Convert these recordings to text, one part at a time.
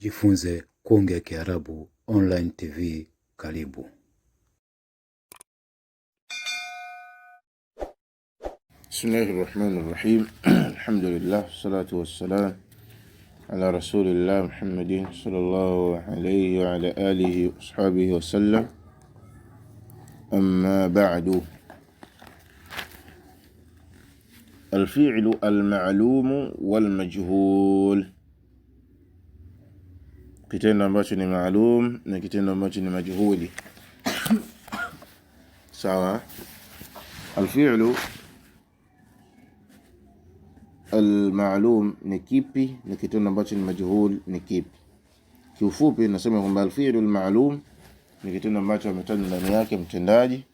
Jifunze Kuongea Kiarabu Online TV karibu. Bismillahi rahmani rahim alhamdulillah والصلاة wassalam ala rasulillah Muhammadin sallallahu alayhi wa ala alihi wa ashabihi وسلم amma ba'du alfi'lu alma'lumu walmajhul kitendo ambacho ni maalum na kitendo ambacho ni majhuli. Sawa, alfi'lu almaalum ni kipi na kitendo ambacho ni majhul ni kipi? Kiufupi nasema kwamba alfi'lu almaalum ni kitendo ambacho ametajwa ndani yake mtendaji,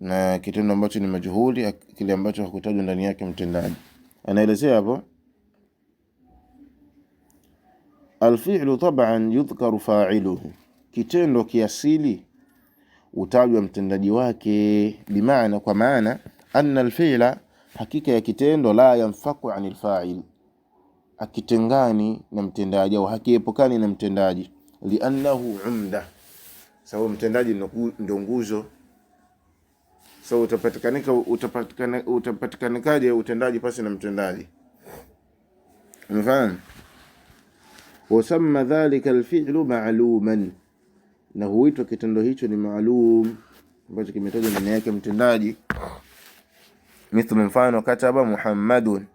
na kitendo ambacho ni majhuli kile ambacho hakutajwa ndani yake mtendaji. Anaelezea hapo Alfi'lu taban yudhkaru fa'iluhu, kitendo kiasili utajwa mtendaji wake. Bimaana, kwa maana anna alfi'la, hakika ya kitendo la yanfaku ani alfail, akitengani na mtendaji au hakiepukani na mtendaji. Liannahu umda, sababu mtendaji ndo nguzo. So utapatikanika utapatikana utapatikanikaje utendaji pasi na mtendaji? Mfano wasamma dhalika alfi'lu ma'luman, na huitwa kitendo hicho ni maalum ambacho kimetajwa ndani yake mtendaji. Mithlu, mfano kataba Muhammadun,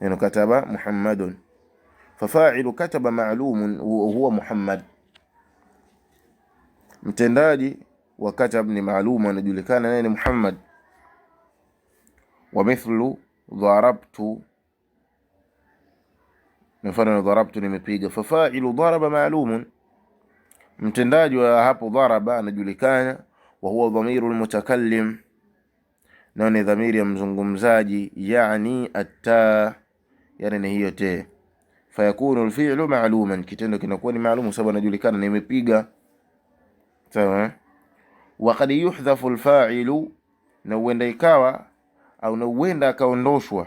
yani kataba Muhammadun, fafa'ilu kataba ma'lumun huwa Muhammad, mtendaji wa katab ni malum anajulikana naye ni Muhammad. Wa mithlu dharabtu mfano dharabtu, nimepiga. Fafailu dharaba maalumun, mtendaji wa hapo dharaba anajulikana. Wa huwa dhamiru almutakallim, na ni dhamiri ya mzungumzaji. Yani atta, yani ni hiyo te. Fayakunu alfi'lu ma'luman, kitendo kinakuwa ni maalumu sababu anajulikana, nimepiga. Sawa. Eh? Wa kad yuhdhafu alfa'ilu, na uenda ikawa au na uenda akaondoshwa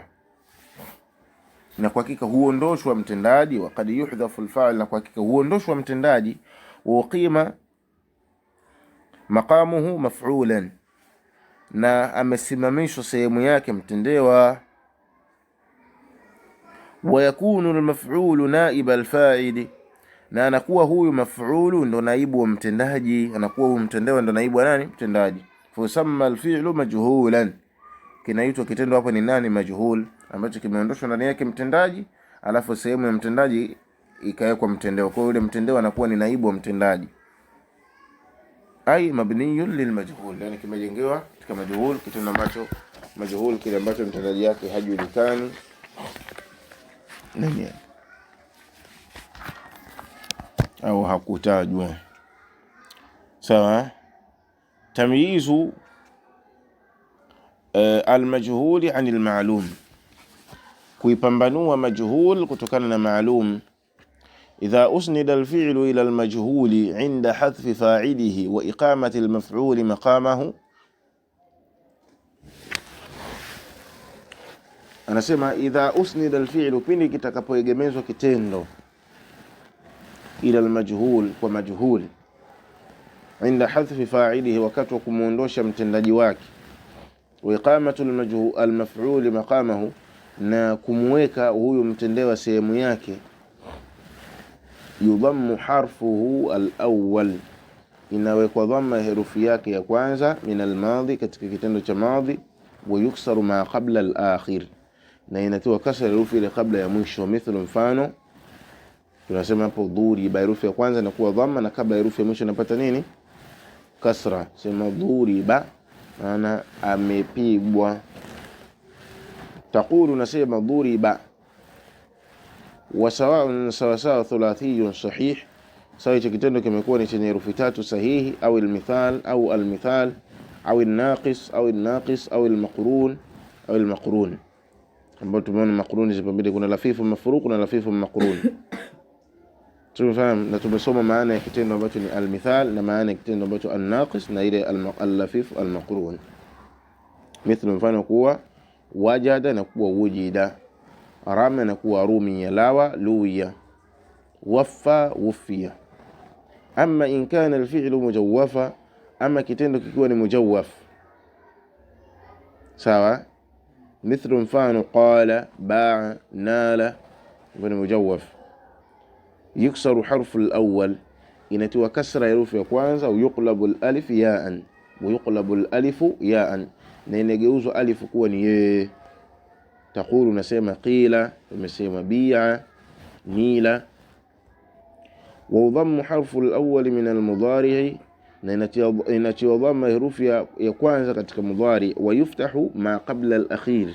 na kwa hakika huondoshwa mtendaji, wa kad yuhdhafu alfa'il, na kwa hakika huondoshwa mtendaji, wa uqima maqamuhu maf'ulan, na amesimamishwa sehemu yake mtendewa, wa yakunu almaf'ulu naiba alfa'ili, na anakuwa huyu maf'ulu ndo naibu wa mtendaji, anakuwa huyu mtendewa ndo naibu wa nani? Mtendaji. Fa yusamma alfi'lu majhulan kinaitwa kitendo hapo ni nani? Majhul, ambacho kimeondoshwa ndani yake mtendaji, alafu sehemu ya mtendaji ikawekwa mtendeo. Kwa hiyo yule mtendeo anakuwa ni naibu wa mtendaji, ai mabniyun lilmajhul, yani kimejengewa katika majhul, kitendo ambacho majhul, kile ambacho mtendaji yake hajulikani nani au hakutajwa. Sawa, eh? tamyizu Eh, almajhuli ani lmaalum, kuipambanua majhul kutokana na maalum. Idha usnida alfi'lu ila almajhuli inda hadhfi fa'ilihi wa iqamati almaf'uli maqamahu. Anasema idha usnida alfi'lu, pindi kitakapoegemezwa kitendo ila almajhul, kwa majhul inda hadhfi fa'ilihi, wakati wa kumwondosha mtendaji wake wa iqamatu almaf'ul maqamahu, na kumweka huyu mtendewa sehemu yake. Yudhammu harfuhu alawwal, inawekwa dhamma herufi yake ya kwanza. Min almadhi, katika kitendo cha madhi. Wa yuksaru ma qabla alakhir, na inatiwa kasra herufi ile kabla ya mwisho. Mithlu, mfano tunasema hapo dhuriba, herufi ya kwanza inakuwa dhamma, na kabla herufi ya mwisho inapata nini? Kasra. Sema dhuriba Maana amepigwa. Taqulu, nasema dhuriba, wasawaun sawasawa, thulathiyun sahih, sawa. Hicho kitendo kimekuwa ni chenye herufi tatu sahihi, au almithal au almithal au alnaqis au alnaqis au almaqrun au almaqrun, ambao tumeona maqruni zipo mbili, kuna lafifu mafruq na lafifu maqrun. Tunafahamu na tumesoma maana ya kitendo ambacho ni almithal na maana ya kitendo ambacho annaqis na ile allafif almaqrun. Mithlu, mfano kuwa wajada na kuwa wujida, rama na kuwa rumiya, lawa luwiya, waffa wufiya. Ama in kana alfi'lu mujawwafa, ama kitendo kikiwa ni mujawwaf, sawa. Mithlu, mfano qala, baa, nala, ni mujawwaf يكسر حرف الأول ينتوى كسر يروف يقوانزا ويقلب الألف ياء ويقلب الألف ياء نينجوز ألف كون ياء تقول نسيم قيل نسيم بيع نيلة وضم حرف الأول من المضارع نينتي وضم حرف يقوانزا كتك مضارع ويفتح ما قبل الأخير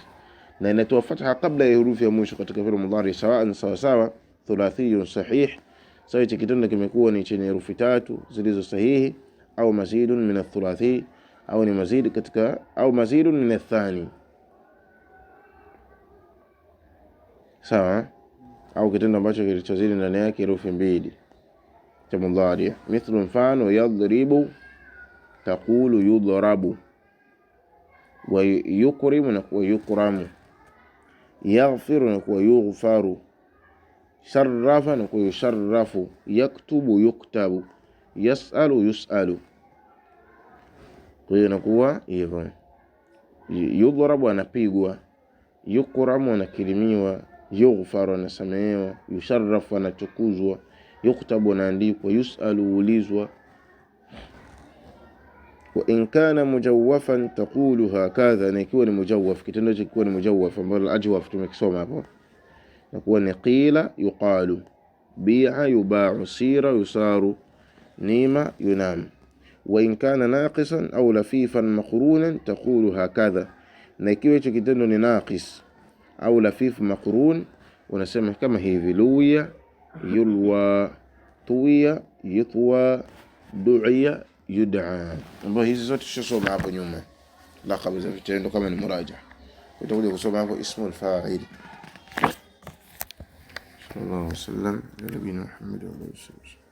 نينتي وفتح قبل حرف يموش كتك في المضارع سواء سواء سواء, سواء thulathiyun sahih. Sasa hicho kitendo kimekuwa ni chenye herufi tatu zilizo sahihi, au mazidun min athulathi, au ni mazid katika, au mazidun min athani, sawa, eh? au kitendo ambacho kilichozidi ndani yake herufi mbili cha mudhari. Mithlu, mfano yadribu, taqulu yudrabu wa yukrimu na kuwa yukramu, yaghfiru na kuwa yughfaru sharafa ni kuyusharafu, yaktubu yuktabu, yasalu yusalu. Kwa hiyo inakuwa hivyo, yudhrabu anapigwa, yukramu anakirimiwa, yughfaru anasamehewa, yusharafu anatukuzwa, yuktabu anaandikwa, yusalu ulizwa. Wa in kana mujawafan taqulu hakadha, na ikiwa ni mujawaf, kitendo cha ikiwa ni mujawaf ajwaf tumekisoma hapo نقول قيل يقال بيع يباع سير يسار نيم ينام وإن كان ناقصا أو لفيفا مقرونا تقول هكذا نكيوة كتن ناقص أو لفيف مقرون ونسمع كما هي فيلوية يلوى طوية يطوى دعية يدعى الله هي زوت الشسو معكم يوما لا قبل زفت عندكم المراجعة وتقول لك اسم الفاعل الله وسلم على نبينا محمد وعلى اله وسلم